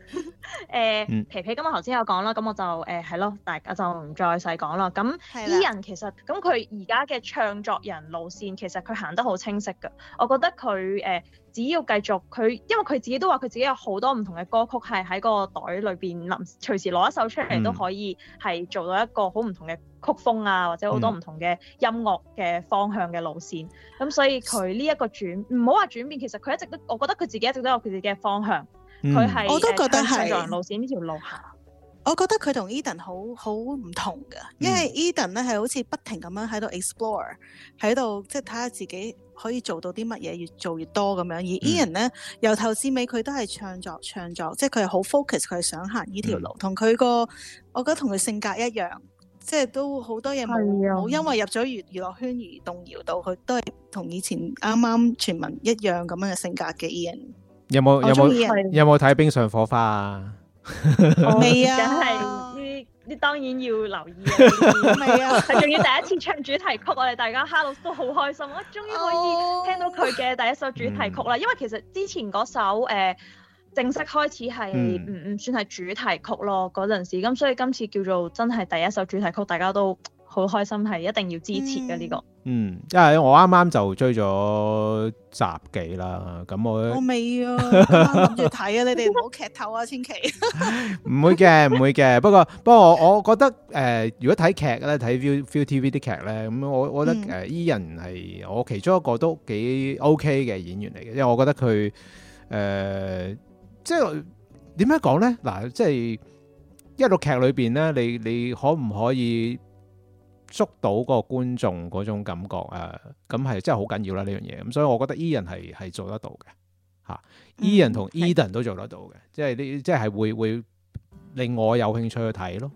呃嗯、皮皮，咁我頭先有講啦，咁我就誒係咯，大家就唔再細講啦。咁伊人其實咁佢而家嘅唱作人路線其實佢行得好清晰㗎，我覺得佢誒、呃、只要繼續佢，因為佢自己都話佢自己有好多唔同嘅歌曲係喺個袋裏邊臨隨時攞一首出嚟都可以係做到一個好唔同嘅曲風啊，或者好多唔同嘅音樂嘅方向嘅路線。咁、嗯、所以佢呢一個轉唔好話轉變，其實佢一直都我覺得佢自己一直都有佢自己嘅方向。佢係、嗯、是我都覺得係路線呢條路行。是嗯、我覺得佢、e、同 Eden 好好唔同嘅，嗯、因為 Eden 咧係好似不停咁樣喺度 explore，喺度即係睇下自己可以做到啲乜嘢，越做越多咁樣。而 Ian 咧、嗯、由頭至尾佢都係創作創作，即係佢係好 focus，佢係想行呢條路，同佢個我覺得同佢性格一樣，即係都好多嘢冇、啊、因為入咗娛娛樂圈而動搖到佢，都係同以前啱啱全民一樣咁樣嘅性格嘅 Ian。有冇有冇、啊、有冇睇《冰上火花》啊？未 啊、哦，呢啲呢，當然要留意啊！係啊，仲要第一次唱主題曲，我哋大家哈囉都好開心啊！我終於可以聽到佢嘅第一首主題曲啦，哦、因為其實之前嗰首誒、呃、正式開始係唔唔算係主題曲咯，嗰陣、嗯、時咁，所以今次叫做真係第一首主題曲，大家都。好開心，係一定要支持嘅呢、嗯這個。嗯，因為我啱啱就追咗集幾啦，咁我我未啊，諗住睇啊，你哋唔好劇透啊，千祈唔 會嘅，唔會嘅。不過不過我我覺得誒、呃，如果睇劇咧，睇 Viu、ViuTV 啲劇咧，咁、嗯、我我覺得誒，Ian 係我其中一個都幾 OK 嘅演員嚟嘅，嗯、因為我覺得佢誒、呃，即係點樣講咧？嗱，即係一路劇裏邊咧，你你，你可唔可以？捉到個觀眾嗰種感覺誒，咁係真係好緊要啦呢樣嘢，咁所以我覺得 Ian 係係做得到嘅吓、嗯、，Ian 同 Edan 都做得到嘅，即係啲即係會會令我有興趣去睇咯，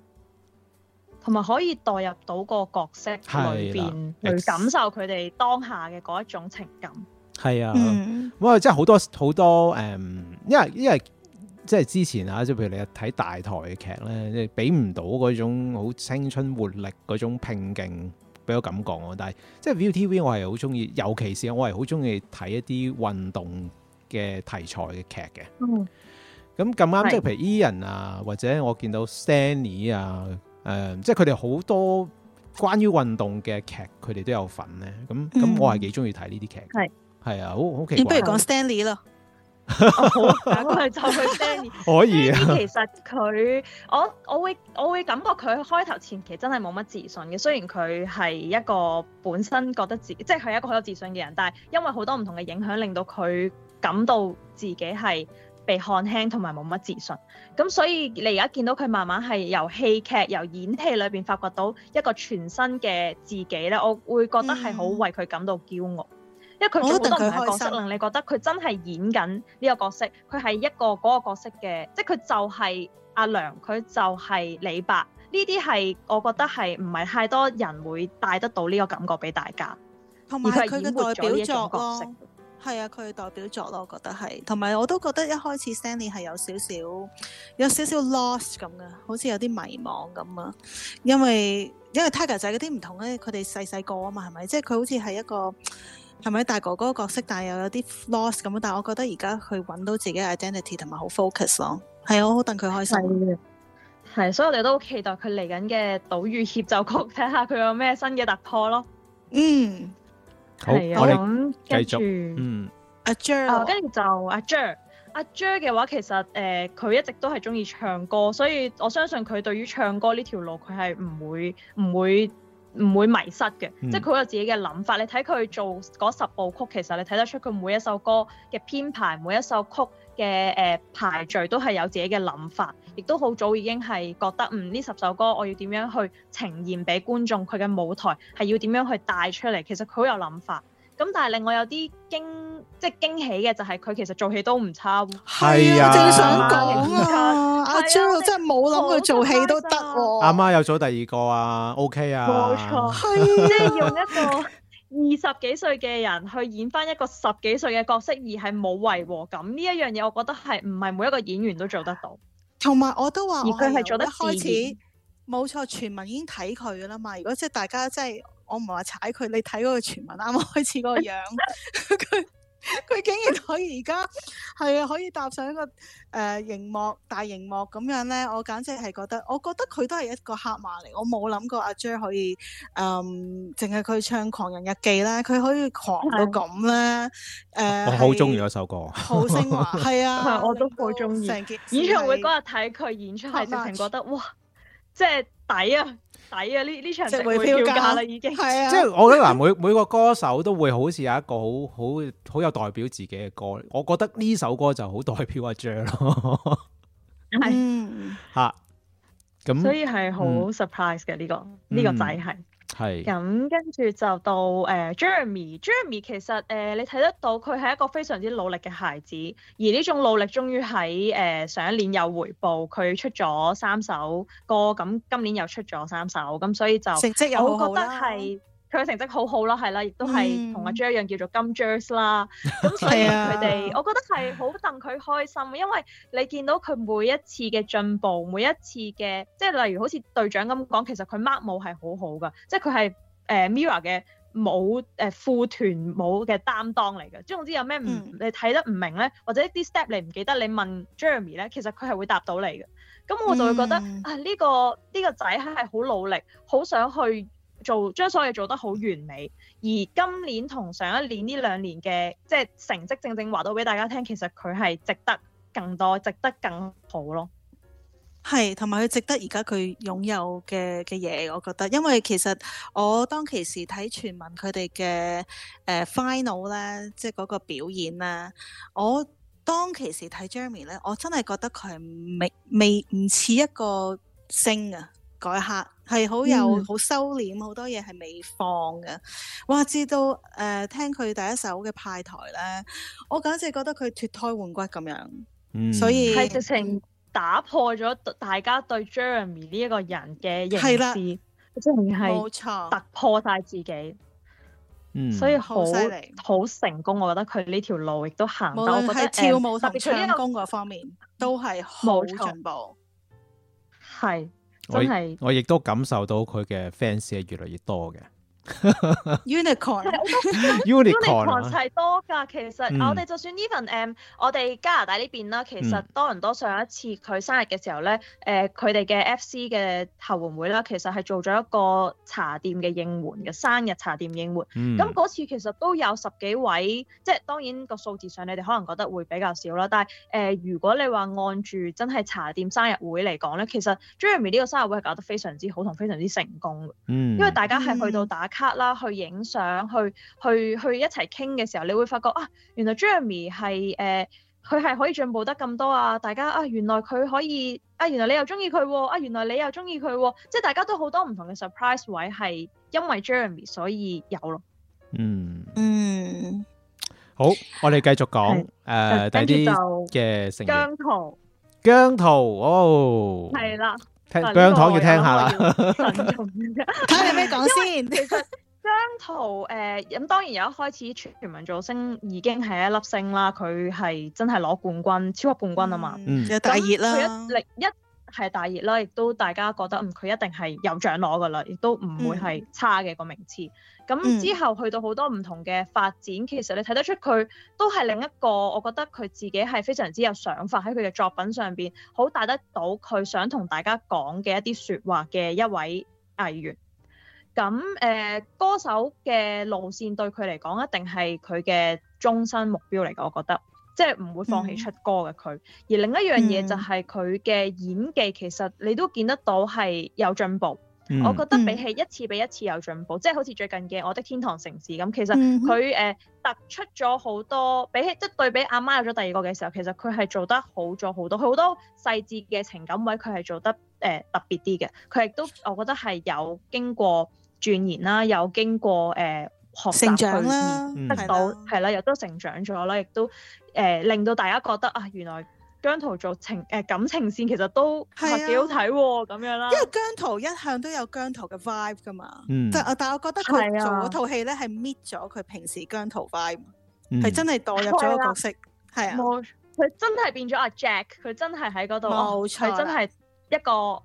同埋可以代入到個角色裏邊的面去感受佢哋當下嘅嗰一種情感，係、嗯、啊，唔、嗯，哇，即係好多好多誒、嗯，因為因為。因為即係之前啊，即係譬如你睇大台嘅劇咧，即係俾唔到嗰種好青春活力嗰種拼勁，俾我感覺咯。但係即係 ViuTV，我係好中意，尤其是我係好中意睇一啲運動嘅題材嘅劇嘅。嗯，咁咁啱，即係是譬如 Ian 啊，或者我見到 Stanley 啊，誒、呃，即係佢哋好多關於運動嘅劇，佢哋都有份咧。咁咁，我係幾中意睇呢啲劇。係係、嗯、是啊，好好奇怪。不、嗯、如講 Stanley 咯。我好揀佢就係 Danny 其實佢我我會我會感覺佢開頭前期真係冇乜自信嘅，雖然佢係一個本身覺得自即係佢係一個好有自信嘅人，但係因為好多唔同嘅影響，令到佢感到自己係被看輕同埋冇乜自信。咁所以你而家見到佢慢慢係由戲劇由演戲裏邊發掘到一個全新嘅自己咧，我會覺得係好為佢感到驕傲。 因為佢好多都唔係角色令你覺得佢真係演緊呢個角色，佢係一個嗰個角色嘅，即係佢就係阿良，佢就係李白。呢啲係我覺得係唔係太多人會帶得到呢個感覺俾大家，同埋佢嘅代表作。佢係演活咗呢種角色。係啊，佢嘅代表作咯，我覺得係。同埋我都覺得一開始 Stanley 係有少少有少少 lost 咁嘅，好似有啲迷茫咁啊。因為因為 Tiger 仔嗰啲唔同咧，佢哋細細個啊嘛，係咪？即係佢好似係一個。係咪大哥哥角色，但係又有啲 lost 咁，但係我覺得而家佢搵到自己嘅 identity 同埋好 focus 咯。係、嗯、啊，我好戥佢開心。係，所以我哋都好期待佢嚟緊嘅島嶼協奏曲，睇下佢有咩新嘅突破咯。嗯，的好。樣我哋繼續。著嗯，阿 Jer，跟住就阿 Jer。阿 Jer 嘅話，其實誒，佢、呃、一直都係中意唱歌，所以我相信佢對於唱歌呢條路，佢係唔會唔會。唔會迷失嘅，嗯、即係佢有自己嘅諗法。你睇佢做嗰十部曲，其實你睇得出佢每一首歌嘅編排，每一首曲嘅誒、呃、排序都係有自己嘅諗法，亦都好早已經係覺得嗯呢、呃、十首歌我要點樣去呈現俾觀眾，佢嘅舞台係要點樣去帶出嚟，其實佢好有諗法。咁但係令我有啲驚，即係驚喜嘅就係佢其實做戲都唔差。係啊，我、啊、正想講啊，阿姜真係冇諗佢做戲都得。阿媽有咗第二個啊，OK 啊，冇錯。係咧，用一個二十幾歲嘅人去演翻一個十幾歲嘅角色，而係冇違和感呢一 樣嘢，我覺得係唔係每一個演員都做得到。同埋我都話，而佢係做得自開始，冇錯，全民已經睇佢㗎啦嘛。如果即係大家即係。我唔係話踩佢，你睇嗰個全文啱啱開始嗰個樣，佢佢 竟然可以而家係可以踏上一個誒、呃、熒幕大熒幕咁樣咧，我簡直係覺得，我覺得佢都係一個黑馬嚟，我冇諗過阿 Jer、er、可以誒，淨係佢唱《狂人日記》咧，佢可以狂到咁咧誒，我好中意嗰首歌，好 升華，係啊， 我都好中意。成件事，演唱會嗰日睇佢演出係直情覺得哇，即係。抵啊，抵啊！呢呢場票即係會跳價啦，已經。啊、 即係我覺得嗱， 每每個歌手都會好似有一個好好好有代表自己嘅歌，我覺得呢首歌就好代表阿 Jer 咯、er。係吓，咁所以係好 surprise 嘅呢個呢、這個仔係。係，咁是跟住就到誒、呃、Jeremy，Jeremy 其實誒、呃、你睇得到佢係一個非常之努力嘅孩子，而呢種努力終於喺誒上一年有回報，佢出咗三首歌，咁今年又出咗三首，咁所以就成績有好好，我覺得係。佢嘅成績好好啦，係啦，亦都係同阿 Jeremy 一樣叫做金 jers 啦。咁 所以佢哋，我覺得係好戥佢開心， 因為你見到佢每一次嘅進步，每一次嘅即係例如好似隊長咁講，其實佢 mark 舞係好好噶，即係佢係誒 MIRROR 嘅舞誒副團舞嘅擔當嚟嘅。即係總之有咩唔你睇得唔明咧，嗯、或者啲 step 你唔記得，你問 Jeremy 咧，其實佢係會答到你嘅。咁我就會覺得、嗯、啊，呢、呢個呢、呢個呢個仔係好努力，好想去。做將所有做得好完美，而今年同上一年呢兩年嘅即係成績，正正話到俾大家聽，其實佢係值得更多，值得更好咯。係，同埋佢值得而家佢擁有嘅嘅嘢，我覺得，因為其實我當其時睇全民佢哋嘅誒 final 咧，即係嗰個表演咧，我當其時睇 Jeremy 咧，我真係覺得佢係未未唔似一個星啊，嗰一刻。係好有，好、嗯、收斂，好多嘢係未放嘅。哇！至到誒、呃、聽佢第一首嘅派台咧，我簡直覺得佢脫胎換骨咁樣。嗯、所以係直情打破咗大家對 Jeremy 呢一個人嘅認知，即係的突破晒自己。錯嗯，所以好犀利，好成功，我覺得佢呢條路亦都行到，跳舞、特別唱功嗰方面，嗯、都係好進步。係。我我亦都感受到佢嘅 fans 係越嚟越多嘅。 unicorn，unicorn 係 Un icorn s 多噶，其實我哋就算 Even 誒，嗯、我哋加拿大呢邊啦，其實多倫多上一次佢生日嘅時候咧，誒佢哋嘅 FC 嘅後援會啦，其實係做咗一個茶店嘅應援嘅生日茶店應援，咁嗰、嗯、次其實都有十幾位，即係當然個數字上你哋可能覺得會比較少啦，但係誒、呃、如果你話按住真係茶店生日會嚟講咧，其實 Jeremy 呢個生日會係搞得非常之好同非常之成功，嗯，因為大家係去到打卡。啦，去影相，去去去一齊傾嘅時候，你會發覺啊，原來 Jeremy 係誒，佢、呃、係可以進步得咁多啊！大家啊，原來佢可以啊，原來你又中意佢啊，原來你又中意佢，即係大家都好多唔同嘅 surprise 位係因為 Jeremy 所以有咯。嗯嗯，嗯，好，我哋繼續講誒，第二啲嘅成。姜濤，姜濤哦，係啦。聽姜濤、啊、要聽下啦，睇下 你咩講先。其實姜濤誒，咁當然有一開始全民造星已經係一粒星啦，佢係真係攞冠軍，超級冠軍啊嘛。嗯，嗯大熱啦。佢一力一係大熱啦，亦都大家覺得嗯佢一定係有獎攞㗎啦，亦都唔會係差嘅個、嗯、名次。咁之後去到好多唔同嘅發展，嗯、其實你睇得出佢都係另一個，我覺得佢自己係非常之有想法喺佢嘅作品上邊，好帶得到佢想同大家講嘅一啲説話嘅一位藝員。咁誒、呃，歌手嘅路線對佢嚟講一定係佢嘅終身目標嚟，我覺得，即係唔會放棄出歌嘅佢、嗯。而另一樣嘢就係佢嘅演技，嗯、其實你都見得到係有進步。我覺得比起一次比一次有進步，嗯、即係好似最近嘅《我的天堂城市》咁，其實佢誒、嗯哼呃、突出咗好多，比起即係、就是、對比阿媽，媽有咗第二個嘅時候，其實佢係做得好咗好多。佢好多細節嘅情感位，佢係做得誒、呃、特別啲嘅。佢亦都我覺得係有經過鑽研啦，有經過誒、呃、學習去得到係啦，亦、嗯、到的都成長咗啦，亦都誒令到大家覺得啊、呃，原來。姜濤做情誒、呃、感情線其實都係啊幾好睇喎咁樣啦，因為姜濤一向都有姜濤嘅 vibe 噶嘛，嗯、但係我覺得佢、啊、做嗰套戲咧係搣咗佢平時姜濤 vibe，係、嗯、真係代入咗個角色，係啊，佢、啊、真係變咗阿 Jack，佢真係喺嗰度，佢、啊、真係一個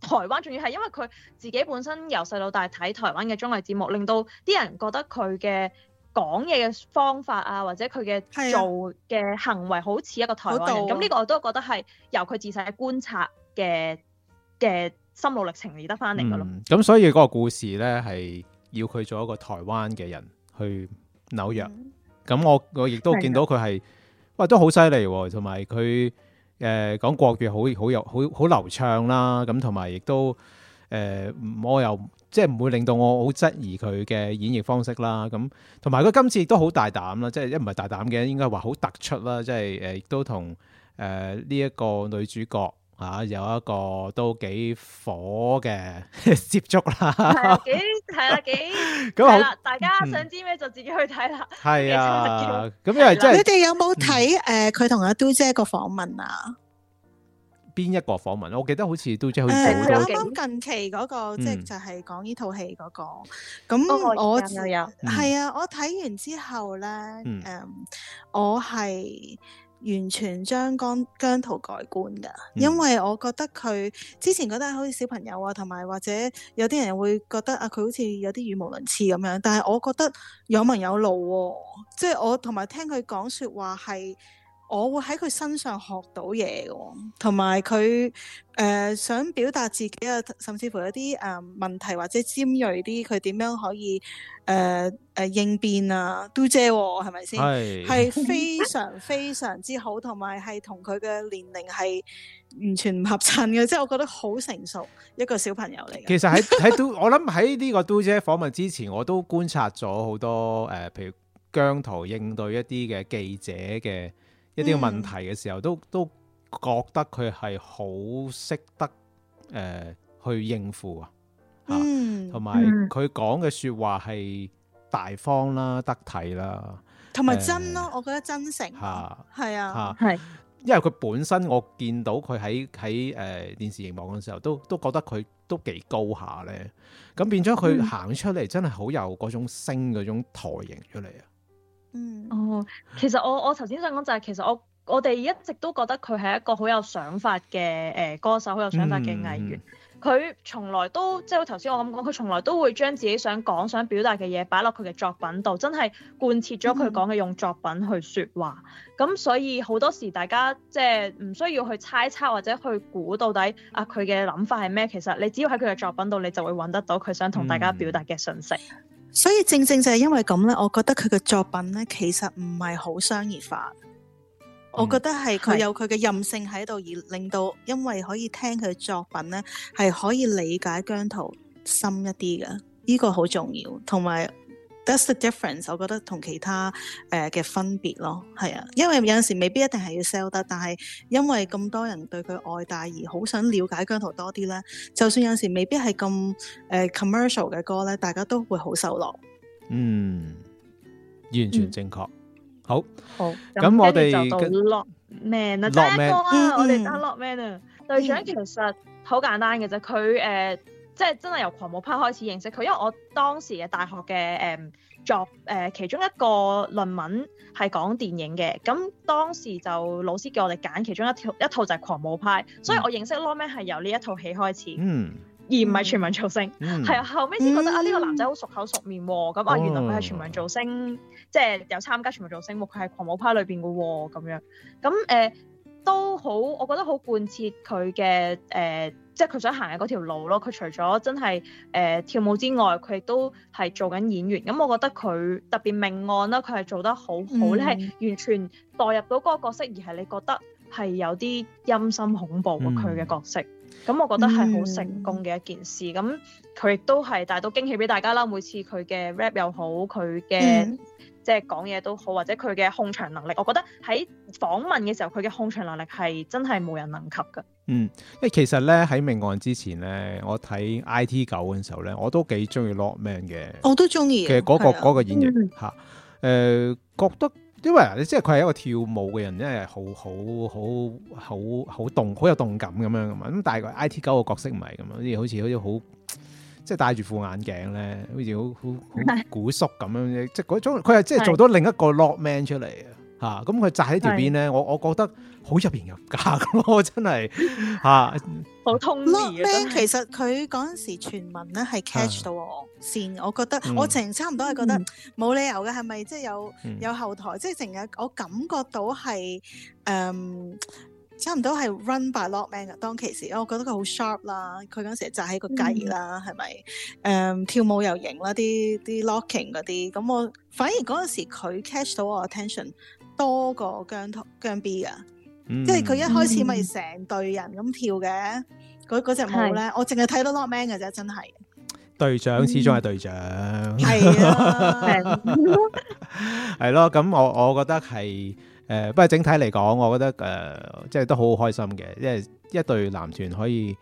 台灣，仲要係因為佢自己本身由細到大睇台灣嘅綜藝節目，令到啲人覺得佢嘅。講嘢嘅方法啊，或者佢嘅做嘅行為、啊、好似一個台灣人，咁呢個我都覺得係由佢自細觀察嘅嘅心路歷程而得翻嚟噶咯。咁、嗯、所以嗰個故事咧，係要佢做一個台灣嘅人去紐約。咁、嗯、我我亦都見到佢係，的哇都好犀利，同埋佢誒講國語好好有好好流暢啦。咁同埋亦都誒、呃，我又。即係唔會令到我好質疑佢嘅演繹方式啦，咁同埋佢今次都好大膽啦，即係一唔係大膽嘅，應該話好突出啦，即係誒亦都同誒呢一個女主角嚇、啊、有一個都幾火嘅 接觸啦，幾係啦幾係啦，啊、大家想知咩就自己去睇啦，係啊，咁因為真係你哋有冇睇誒佢同阿嘟姐個訪問啊？邊一個訪問，我記得好似都即係好似、呃。誒，近期嗰、那個，即係、嗯、就係講呢套戲嗰、那個。咁我係、嗯、啊，我睇完之後咧，誒、嗯，我係完全將姜濤改觀噶，嗯、因為我覺得佢之前覺得好似小朋友啊，同埋或者有啲人會覺得啊，佢好似有啲語無倫次咁樣，但係我覺得有文有路喎、啊，即、就、係、是、我同埋聽佢講説話係。我會喺佢身上學到嘢嘅、哦，同埋佢誒想表達自己啊，甚至乎有啲誒問題或者尖鋭啲，佢點樣可以誒誒、呃呃、應變啊 Doo 姐喎、哦，係咪先？係係是非常非常之好，同埋係同佢嘅年齡係完全唔合襯嘅，即係我覺得好成熟一個小朋友嚟。嘅。其實喺喺 Doo 我諗喺呢個 Doo 姐訪問之前，我都觀察咗好多誒、呃，譬如姜濤應對一啲嘅記者嘅一啲問題嘅時候，都都覺得佢係好識得誒、呃、去應付啊，嚇、嗯，同埋佢講嘅説話係大方啦、得體啦，同埋真咯、啊，呃、我覺得真誠嚇，係啊，嚇，係，因為佢本身我見到佢喺喺誒電視熒幕嗰陣時候，都都覺得佢都幾高下咧，咁變咗佢行出嚟真係好有嗰種星嗰種台型出嚟啊！嗯、哦，其實我我頭先想講就係、是、其實我我哋一直都覺得佢係一個好有想法嘅誒、呃、歌手，好有想法嘅藝員。佢從、嗯、來都即係頭先我咁講，佢從來都會將自己想講、想表達嘅嘢擺落佢嘅作品度，真係貫徹咗佢講嘅用作品去說話。咁所以好多時大家即係唔需要去猜測或者去估到底啊佢嘅諗法係咩。其實你只要喺佢嘅作品度，你就會揾得到佢想同大家表達嘅信息。嗯所以正正就係因為咁咧，我覺得佢嘅作品咧其實唔係好商業化，嗯、我覺得係佢有佢嘅任性喺度，是而令到因為可以聽佢作品咧，係可以理解姜濤深一啲嘅，呢個好重要，同埋。That's the difference，我覺得同其他誒嘅、呃、分別咯，係啊，因為有陣時未必一定係要 sell 得，但係因為咁多人對佢愛戴而好想了解姜濤多啲咧，就算有陣時未必係咁誒 commercial 嘅歌咧，大家都會好受落。嗯，完全正確。嗯、好，好，咁我哋就到 Lokman 啦，第一 man 歌啊，嗯、我哋得 Lokman 啊。隊長其實好簡單嘅啫，佢誒。呃即係真係由《狂舞派》開始認識佢，因為我當時嘅大學嘅誒、嗯、作誒、呃、其中一個論文係講電影嘅，咁當時就老師叫我哋揀其中一套一套就係《狂舞派》，所以我認識 Lokman 係由呢一套戲開始，嗯、而唔係全民造星，係、嗯啊、後尾先覺得、嗯、啊呢、呢個男仔好熟口熟面喎、啊，咁啊原來佢係全民造星，即係、哦、有參加全民造星，佢係、啊《狂舞派》裏邊嘅喎咁樣，咁誒。嗯呃都好，我覺得好貫徹佢嘅誒，即係佢想行嘅嗰條路咯。佢除咗真係誒、呃、跳舞之外，佢亦都係做緊演員。咁我覺得佢特別命案啦，佢係做得好好，你係、嗯、完全代入到嗰個角色，而係你覺得。係有啲陰森恐怖嘅佢嘅角色，咁、嗯、我覺得係好成功嘅一件事。咁佢亦都係帶到驚喜俾大家啦。每次佢嘅 rap 又好，佢嘅即係講嘢都好，或者佢嘅控場能力，我覺得喺訪問嘅時候佢嘅控場能力係真係無人能及嘅。嗯，誒其實咧喺命案之前咧，我睇 IT 九嗰陣時候咧，我都幾中意 Lockman、ok、嘅，我都中意。其實嗰個演員嚇，誒、嗯嗯呃、覺得。因為你即係佢係一個跳舞嘅人，真係好好好好好好動、好有動感咁樣噶嘛。咁但係個 IT 九嘅角色唔係咁啊，好似好似好似好即係戴住副眼鏡咧，好似好好古叔咁樣嘅，即係嗰佢係即係做到另一個 lock man 出嚟啊！嚇，咁佢紮喺條辮咧，我我覺得。好入型入格咯， 真係嚇好通二啊！Lock man, 真係是其實佢嗰陣時全民咧係 catch 到我線，啊、我覺得、嗯、我成差唔多係覺得冇、嗯、理由嘅，係咪即係有有後台？嗯、即係成日我感覺到係誒、嗯、差唔多係 run by lock man 嘅當其時，我覺得佢好 sharp 啦，佢嗰陣就揸起個髻啦，係咪誒跳舞又型啦啲啲 locking 嗰啲咁？我反而嗰陣時佢 catch 到我 attention 多過姜同姜，姜 B 嘅。嗯、即係佢一開始咪成隊人咁跳嘅，嗰嗰隻舞咧，我淨係睇到 Lokman 嘅啫，真係。隊長始終係隊長。係啊、嗯，係係咯。咁 我我覺得係誒、呃，不過整體嚟講，我覺得誒、呃，即係都好開心嘅，因為一隊男團可以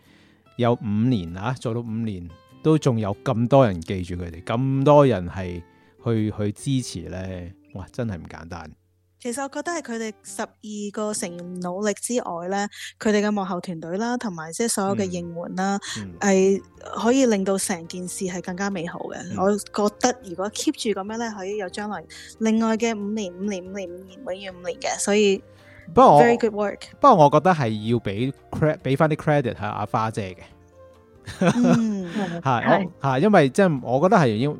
有五年啊，做到五年都仲有咁多人記住佢哋，咁多人係去去，去支持咧，哇，真係唔簡單。其實我覺得係佢哋十二個成員努力之外咧，佢哋嘅幕後團隊啦，同埋即係所有嘅應援啦，係、嗯、可以令到成件事係更加美好嘅。嗯、我覺得如果 keep 住咁樣咧，可以有將來另外嘅五年、五年、五年、五年、永遠五年嘅。所以，very good work。不過我，我，我覺得係要俾 c 俾翻啲 credit 係、啊、阿花姐嘅。係係、嗯，因為即係我覺得係要。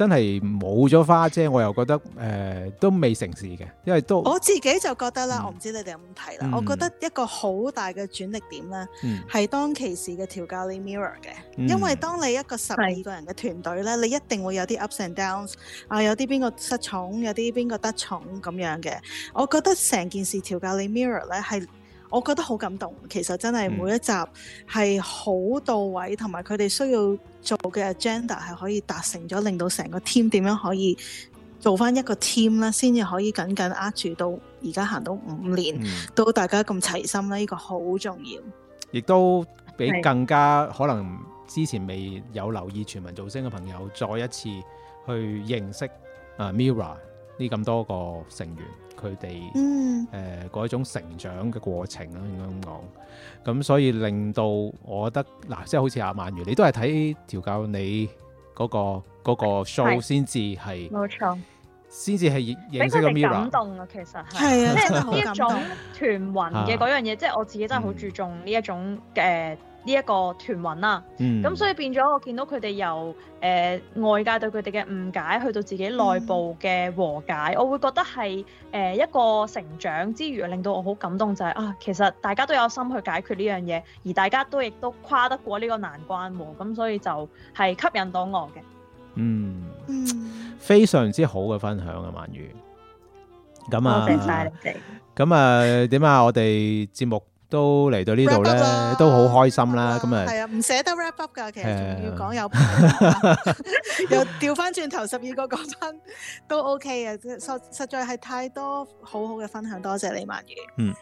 真係冇咗花姐，我又覺得誒、呃、都未成事嘅，因為都我自己就覺得啦，嗯、我唔知你哋有冇睇啦。嗯、我覺得一個好大嘅轉力點咧，係、嗯、當其時嘅調教你 mirror 嘅，嗯、因為當你一個十二個人嘅團隊咧，的你一定會有啲 ups and downs，啊，有啲邊個失寵，有啲邊個得寵咁樣嘅。我覺得成件事調教你 mirror 咧係。我覺得好感動，其實真係每一集係好到位，同埋佢哋需要做嘅 agenda 係可以達成咗，令到成個 team 點樣可以做翻一個 team 啦。先至可以緊緊握住到而家行到五年，到、嗯、大家咁齊心咧，呢、呢個好重要，亦都俾更加是可能之前未有留意全民造星嘅朋友，再一次去認識啊 MIRROR 呢咁多個成員。佢哋誒嗰一種成長嘅過程啦，應該咁講。咁所以令到我覺得嗱、啊，即係好似阿鰻魚，你都係睇調教你嗰、那個嗰、嗯、show 先至係冇錯，先至係認識咗 MIRROR。俾佢哋感動啊，其實係係啊，呢一種團魂嘅嗰樣嘢， 啊、即係我自己真係好注重呢一種嘅。嗯呃呢一個團魂啦，咁、嗯、所以變咗我見到佢哋由誒、呃、外界對佢哋嘅誤解，去到自己內部嘅和解，嗯、我會覺得係誒、呃、一個成長之餘，令到我好感動就係、是、啊，其實大家都有心去解決呢樣嘢，而大家都亦都跨得過呢個難關喎，咁、啊嗯、所以就係吸引到我嘅。嗯，嗯非常之好嘅分享啊，鰻魚，咁啊，多謝晒你哋。咁啊，點啊？我哋節目。都嚟到呢度咧，都好開心啦。咁啊，係啊，唔捨得 wrap up 噶，其實仲要講有，又調翻轉頭十二個講真都 OK 嘅。實實在係太多好好嘅分享，多謝李鰻魚。嗯，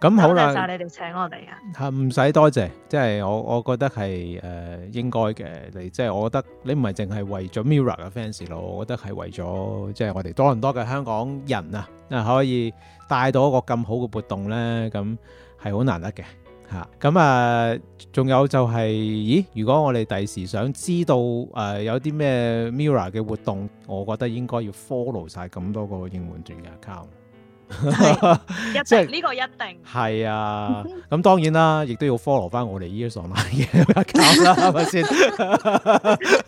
咁好啦，多謝晒你哋請我哋啊。吓唔使多謝，即係我我覺得係誒應該嘅。你即係我覺得你唔係淨係為咗 Mirror 嘅 fans 咯，我覺得係為咗即係我哋多倫多嘅香港人啊啊，可以帶到一個咁好嘅活動咧。咁係好難得嘅吓，咁啊，仲有就係，咦？如果我哋第時想知道誒有啲咩 MIRROR 嘅活動，我覺得應該要 follow 晒咁多個應援團嘅 account，一定，呢個一定係啊。咁當然啦，亦都要 follow 翻我哋呢個 online 嘅 account 啦，係咪先？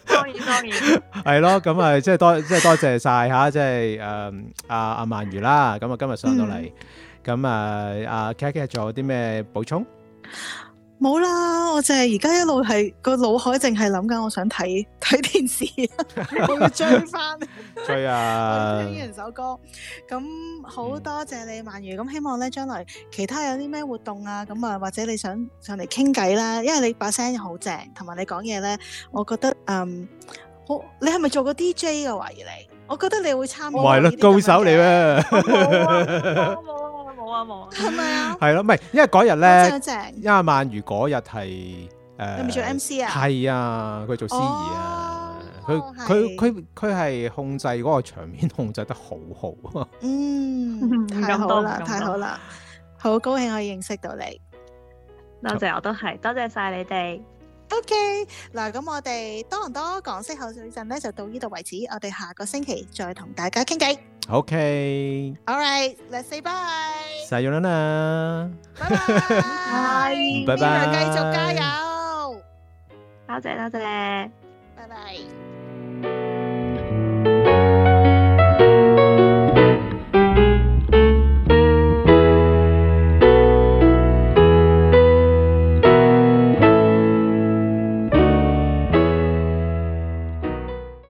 當然當然係咯。咁啊，即係多即係多謝晒吓，即係誒阿阿鰻魚啦。咁啊，今日上到嚟。咁啊，阿 Kat Kat，仲有啲咩補充？冇啦，我淨係而家一路係個腦海，淨係諗緊，我想睇睇電視，我要追翻追啊！聽完呢首歌，咁好多謝你鰻魚，咁希望咧，將來其他有啲咩活動啊，咁啊，或者你想上嚟傾偈啦，因為你把聲好正，同埋你講嘢咧，我覺得嗯，好，你係咪做過 DJ 嘅？懷疑你，我覺得你會參加，係咯，高手嚟啦！冇啊，冇啊。係咪啊？係咯，唔係， 因為嗰日咧，真係正。因為鰻魚嗰日係誒，呃、係咪做 MC 啊，係啊，佢做司儀啊，佢佢佢佢係控制嗰個場面，控制得好好。啊！ 嗯，太好啦，動太好啦，動好，動好高興可以認識到你。多謝我，我都係多謝晒你哋。O K，嗱，咁我哋多倫多港式口水陣咧，就到呢度為止。我哋下個星期再同大家傾偈。O K，All right，Let's say bye。Sayonara。拜拜。拜拜。繼續加油。多謝多謝。拜拜。